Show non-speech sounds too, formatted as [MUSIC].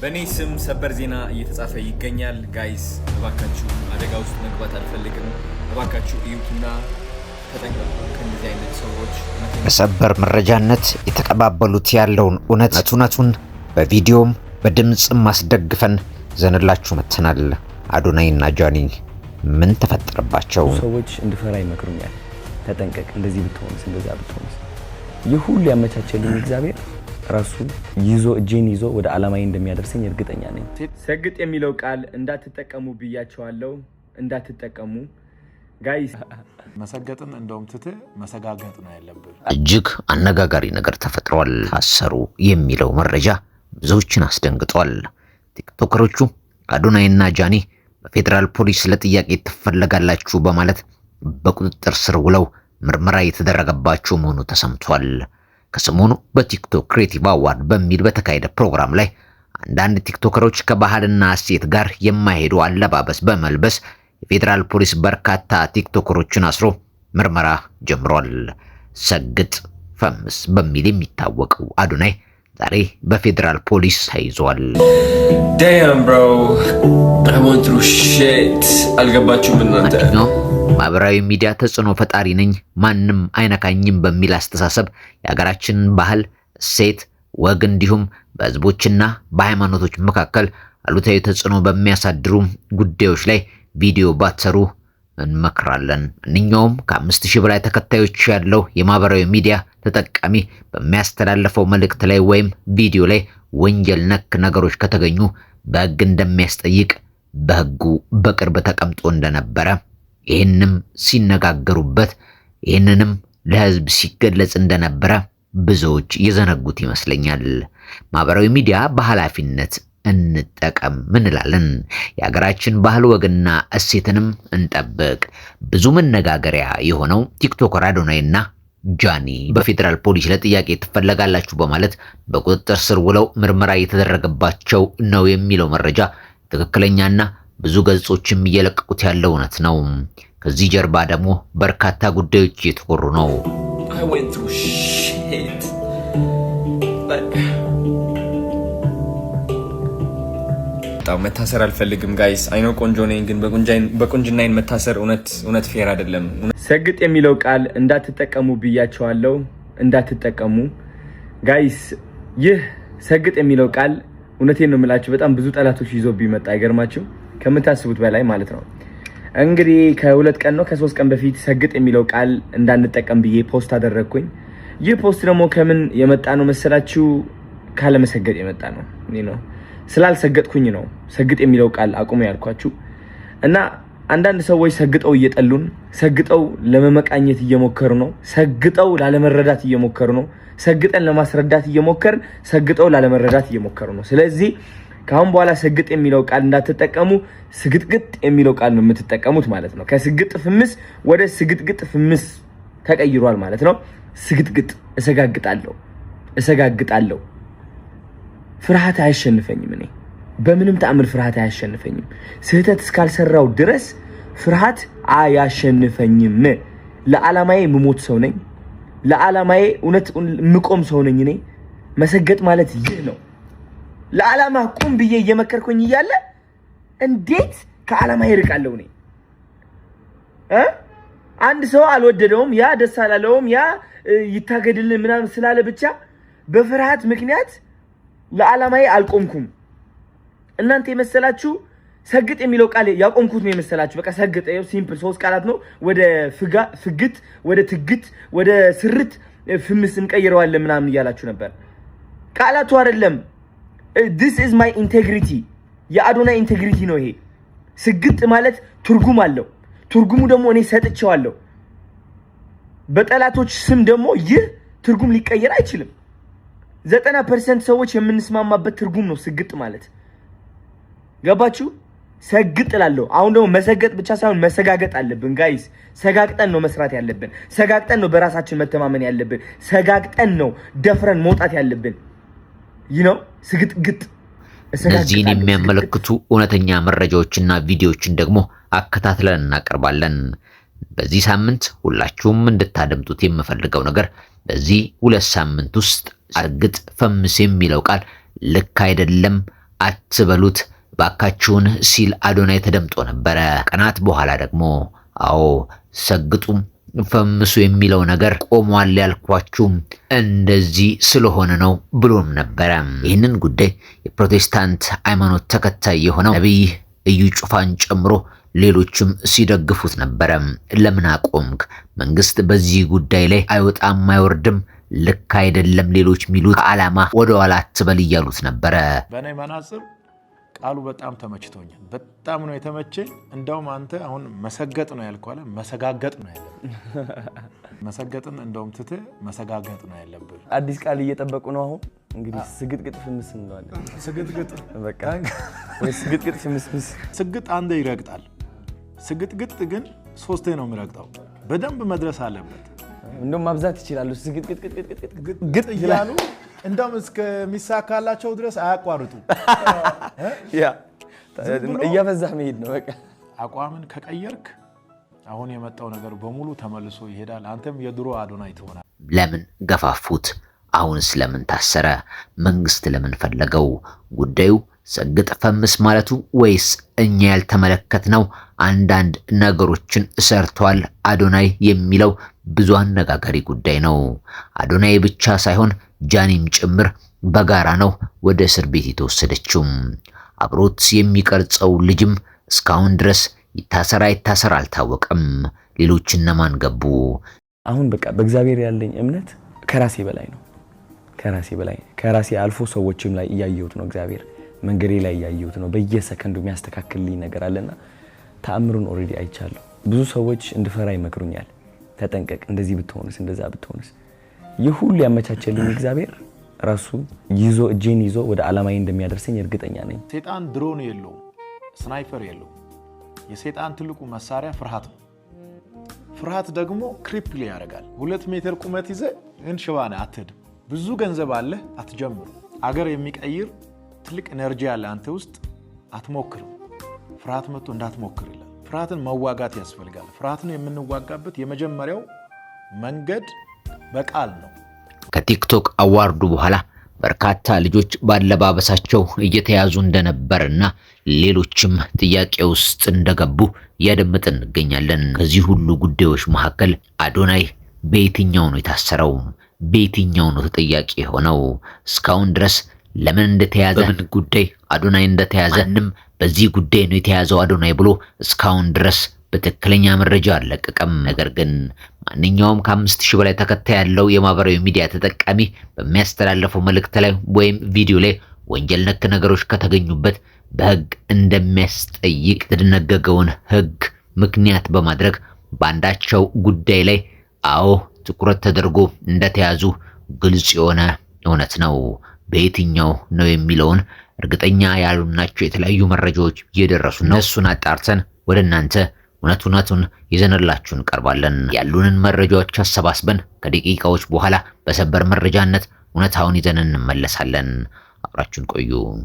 በእኔ ስም ሰበር ዜና እየተጻፈ ይገኛል። ጋይስ እባካችሁ አደጋ ውስጥ መግባት አልፈልግም። እባካችሁ እዩትና በሰበር መረጃነት የተቀባበሉት ያለውን እውነት እውነቱን በቪዲዮም በድምፅም ማስደግፈን ዘንላችሁ መተናል። አዶናይና ጃኒ ምን ተፈጠረባቸው? ሰዎች እንድፈራ ይመክሩኛል። ተጠንቀቅ፣ እንደዚህ ብትሆንስ፣ እንደዛ ብትሆንስ። ይህ ሁሉ ያመቻቸልኝ እግዚአብሔር ራሱ ይዞ እጄን ይዞ ወደ አላማዬ እንደሚያደርሰኝ እርግጠኛ ነኝ። ሰግጥ የሚለው ቃል እንዳትጠቀሙ ብያቸዋለው። እንዳትጠቀሙ ጋይስ መሰገጥን እንደውም ትትህ መሰጋገጥ ነው ያለብን። እጅግ አነጋጋሪ ነገር ተፈጥሯል። ታሰሩ የሚለው መረጃ ብዙዎችን አስደንግጧል። ቲክቶከሮቹ አዶናይና ጃኒ በፌዴራል ፖሊስ ለጥያቄ ትፈለጋላችሁ በማለት በቁጥጥር ስር ውለው ምርመራ የተደረገባቸው መሆኑ ተሰምቷል። ከሰሞኑ በቲክቶክ ክሬቲቭ አዋርድ በሚል በተካሄደ ፕሮግራም ላይ አንዳንድ ቲክቶከሮች ከባህልና እሴት ጋር የማይሄዱ አለባበስ በመልበስ የፌዴራል ፖሊስ በርካታ ቲክቶከሮችን አስሮ ምርመራ ጀምሯል። ሰግጥ ፈምስ በሚል የሚታወቀው አዶናይ ዛሬ በፌዴራል ፖሊስ ተይዟል። ዳም ብሮ አልገባችሁም እናንተ ማህበራዊ ሚዲያ ተጽዕኖ ፈጣሪ ነኝ፣ ማንም አይነካኝም በሚል አስተሳሰብ የሀገራችን ባህል፣ እሴት፣ ወግ እንዲሁም በህዝቦችና በሃይማኖቶች መካከል አሉታዊ ተጽዕኖ በሚያሳድሩ ጉዳዮች ላይ ቪዲዮ ባትሰሩ እንመክራለን። ማንኛውም ከአምስት ሺህ በላይ ተከታዮች ያለው የማህበራዊ ሚዲያ ተጠቃሚ በሚያስተላለፈው መልእክት ላይ ወይም ቪዲዮ ላይ ወንጀል ነክ ነገሮች ከተገኙ በህግ እንደሚያስጠይቅ በህጉ በቅርብ ተቀምጦ እንደነበረ ይህንም ሲነጋገሩበት ይህንንም ለህዝብ ሲገለጽ እንደነበረ ብዙዎች የዘነጉት ይመስለኛል። ማህበራዊ ሚዲያ በኃላፊነት እንጠቀም እንላለን። የሀገራችን ባህል ወግና እሴትንም እንጠብቅ። ብዙ መነጋገሪያ የሆነው ቲክቶከር አዶናይና ጃኒ በፌዴራል ፖሊስ ለጥያቄ ትፈለጋላችሁ በማለት በቁጥጥር ስር ውለው ምርመራ እየተደረገባቸው ነው የሚለው መረጃ ትክክለኛና ብዙ ገጾችም እየለቀቁት ያለው እውነት ነው። ከዚህ ጀርባ ደግሞ በርካታ ጉዳዮች እየተወሩ ነው። በጣም መታሰር አልፈልግም ጋይስ። አይኖ ቆንጆ ነኝ፣ ግን በቁንጅናዬን መታሰር እውነት ፌር አይደለም። ሰግጥ የሚለው ቃል እንዳትጠቀሙ ብያቸዋለው፣ እንዳትጠቀሙ ጋይስ። ይህ ሰግጥ የሚለው ቃል እውነቴን ነው የምላችሁ በጣም ብዙ ጠላቶች ይዞ ቢመጣ አይገርማችሁም? ከምታስቡት በላይ ማለት ነው። እንግዲህ ከሁለት ቀን ነው ከሶስት ቀን በፊት ሰግጥ የሚለው ቃል እንዳንጠቀም ብዬ ፖስት አደረግኩኝ። ይህ ፖስት ደግሞ ከምን የመጣ ነው መሰላችሁ? ካለመሰገጥ የመጣ ነው ነው ስላልሰገጥኩኝ ነው ሰግጥ የሚለው ቃል አቁሙ ያልኳችሁ እና አንዳንድ ሰዎች ሰግጠው እየጠሉን፣ ሰግጠው ለመመቃኘት እየሞከሩ ነው። ሰግጠው ላለመረዳት እየሞከሩ ነው። ሰግጠን ለማስረዳት እየሞከር ሰግጠው ላለመረዳት እየሞከሩ ነው። ስለዚህ ከአሁን በኋላ ስግጥ የሚለው ቃል እንዳትጠቀሙ፣ ስግጥግጥ የሚለው ቃል ነው የምትጠቀሙት ማለት ነው። ከስግጥ ፍምስ ወደ ስግጥግጥ ፍምስ ተቀይሯል ማለት ነው። ስግጥግጥ እሰጋግጣለሁ፣ እሰጋግጣለሁ። ፍርሃት አያሸንፈኝም። እኔ በምንም ተአምር ፍርሃት አያሸንፈኝም። ስህተት እስካልሰራው ድረስ ፍርሃት አያሸንፈኝም። ለዓላማዬ ምሞት ሰው ነኝ። ለዓላማዬ እውነት ምቆም ሰው ነኝ። እኔ መሰገጥ ማለት ይህ ነው። ለዓላማ ቁም ብዬ እየመከርኩኝ እያለ እንዴት ከዓላማ ይርቃለሁ? እኔ አንድ ሰው አልወደደውም፣ ያ ደስ አላለውም፣ ያ ይታገድልን ምናምን ስላለ ብቻ በፍርሃት ምክንያት ለዓላማዬ አልቆምኩም። እናንተ የመሰላችሁ ሰግጥ የሚለው ቃል ያቆምኩት ነው የመሰላችሁ። በቃ ሰግጥ ሲምፕል ሶስት ቃላት ነው። ወደ ፍግት፣ ወደ ትግት፣ ወደ ስርት ፍምስ እንቀይረዋለን ምናምን እያላችሁ ነበር። ቃላቱ አይደለም ዲስ ኢዝ ማይ ኢንቴግሪቲ የአዶናይ ኢንቴግሪቲ ነው ይሄ። ስግጥ ማለት ትርጉም አለው። ትርጉሙ ደግሞ እኔ ሰጥቼዋለሁ። በጠላቶች ስም ደግሞ ይህ ትርጉም ሊቀየር አይችልም። ዘጠና ፐርሰንት ሰዎች የምንስማማበት ትርጉም ነው ስግጥ ማለት ገባችሁ? ሰግጥ እላለሁ። አሁን ደግሞ መሰገጥ ብቻ ሳይሆን መሰጋገጥ አለብን ጋይስ። ሰጋግጠን ነው መስራት ያለብን። ሰጋግጠን ነው በራሳችን መተማመን ያለብን። ሰጋግጠን ነው ደፍረን መውጣት ያለብን ይህ ነው። ስግጥግጥ እነዚህን የሚያመለክቱ እውነተኛ መረጃዎችና ቪዲዮዎችን ደግሞ አከታትለን እናቀርባለን። በዚህ ሳምንት ሁላችሁም እንድታደምጡት የምፈልገው ነገር በዚህ ሁለት ሳምንት ውስጥ እርግጥ ፈምስ የሚለው ቃል ልክ አይደለም አትበሉት ባካችሁን ሲል አዶናይ ተደምጦ ነበረ። ቀናት በኋላ ደግሞ አዎ ሰግጡም ፈምሱ የሚለው ነገር ቆሟል ያልኳችሁም እንደዚህ ስለሆነ ነው ብሎም ነበረ። ይህንን ጉዳይ የፕሮቴስታንት ሃይማኖት ተከታይ የሆነው ነቢይ እዩ ጩፋን ጨምሮ ሌሎችም ሲደግፉት ነበረ። ለምን አቆምክ? መንግስት በዚህ ጉዳይ ላይ አይወጣም አይወርድም፣ ልክ አይደለም፣ ሌሎች ሚሉት ከዓላማ ወደኋላ አትበል እያሉት ነበረ። በእኔ መነጽር ቃሉ በጣም ተመችቶኛል። በጣም ነው የተመቸኝ። እንደውም አንተ አሁን መሰገጥ ነው ያልከው መሰጋገጥ ነው ያለብህ። [LAUGHS] መሰገጥን እንደውም ትተህ መሰጋገጥ ነው ያለብህ። አዲስ ቃል እየጠበቁ ነው። አሁን እንግዲህ ስግጥግጥ ፍምስ እንለዋለን። ስግጥግጥ በቃ [LAUGHS] ወይ ስግጥግጥ ፍምስምስ። ስግጥ አንዴ ይረግጣል። ስግጥግጥ ግን ሶስቴ ነው የሚረግጠው። በደንብ መድረስ አለበት። እንደውም ማብዛት ይችላሉ። ስግጥግጥግጥግጥግጥ እያሉ እንደውም እስከሚሳካላቸው ድረስ አያቋርጡ። እያበዛህ መሄድ ነው በቃ። አቋምን ከቀየርክ አሁን የመጣው ነገር በሙሉ ተመልሶ ይሄዳል። አንተም የድሮ አዶናይ ትሆናል። ለምን ገፋፉት? አሁንስ ለምን ታሰረ? መንግስት ለምን ፈለገው? ጉዳዩ ሰግጥ ፈምስ ማለቱ ወይስ እኛ ያልተመለከት ነው አንዳንድ ነገሮችን ሰርቷል አዶናይ የሚለው ብዙ አነጋጋሪ ጉዳይ ነው። አዶናይ ብቻ ሳይሆን ጃኒም ጭምር በጋራ ነው ወደ እስር ቤት የተወሰደችው አብሮት የሚቀርጸው ልጅም እስካሁን ድረስ ይታሰራ ይታሰር አልታወቀም። ሌሎች እነማን ገቡ? አሁን በቃ በእግዚአብሔር ያለኝ እምነት ከራሴ በላይ ነው። ከራሴ በላይ ከራሴ አልፎ ሰዎችም ላይ እያየሁት ነው እግዚአብሔር መንገዴ ላይ እያየሁት ነው። በየሰከንዱ የሚያስተካክልልኝ ነገር አለና ተአምሩን ኦልሬዲ አይቻለሁ። ብዙ ሰዎች እንድፈራ ይመክሩኛል። ተጠንቀቅ፣ እንደዚህ ብትሆንስ፣ እንደዛ ብትሆንስ። ይህ ሁሉ ያመቻቸልኝ እግዚአብሔር ራሱ ይዞ እጄን ይዞ ወደ ዓላማዬ እንደሚያደርሰኝ እርግጠኛ ነኝ። ሴጣን ድሮን የለውም፣ ስናይፐር የለውም። የሴጣን ትልቁ መሳሪያ ፍርሃት ነው። ፍርሃት ደግሞ ክሪፕል ያደርጋል። ሁለት ሜትር ቁመት ይዘህ እንሽባነ አትሄድም። ብዙ ገንዘብ አለህ፣ አትጀምሩ። አገር የሚቀይር ትልቅ ኤነርጂ ያለ አንተ ውስጥ አትሞክርም። ፍርሃት መጥቶ እንዳትሞክር ይላል። ፍርሃትን መዋጋት ያስፈልጋል። ፍርሃትን የምንዋጋበት የመጀመሪያው መንገድ በቃል ነው። ከቲክቶክ አዋርዱ በኋላ በርካታ ልጆች በአለባበሳቸው እየተያዙ እንደነበርና ሌሎችም ጥያቄ ውስጥ እንደገቡ እያደመጥን እንገኛለን። ከዚህ ሁሉ ጉዳዮች መካከል አዶናይ በየትኛው ነው የታሰረው? በየትኛው ነው ተጠያቂ የሆነው? እስካሁን ድረስ ለምን እንደተያዘ ምን ጉዳይ አዶናይ እንደተያዘ ማንም በዚህ ጉዳይ ነው የተያዘው አዶናይ ብሎ እስካሁን ድረስ በትክክለኛ መረጃ አለቀቀም። ነገር ግን ማንኛውም ከአምስት ሺህ በላይ ተከታይ ያለው የማህበራዊ ሚዲያ ተጠቃሚ በሚያስተላለፈው መልእክት ላይ ወይም ቪዲዮ ላይ ወንጀል ነክ ነገሮች ከተገኙበት በህግ እንደሚያስጠይቅ የተደነገገውን ህግ ምክንያት በማድረግ በአንዳቸው ጉዳይ ላይ አዎ ትኩረት ተደርጎ እንደተያዙ ግልጽ የሆነ እውነት ነው። በየትኛው ነው የሚለውን እርግጠኛ ያሉናቸው የተለያዩ መረጃዎች እየደረሱ ነው። እነሱን አጣርተን ወደ እናንተ እውነት እውነቱን ይዘንላችሁ እንቀርባለን። ያሉንን መረጃዎች አሰባስበን ከደቂቃዎች በኋላ በሰበር መረጃነት እውነታውን ይዘን እንመለሳለን። አብራችሁን ቆዩ።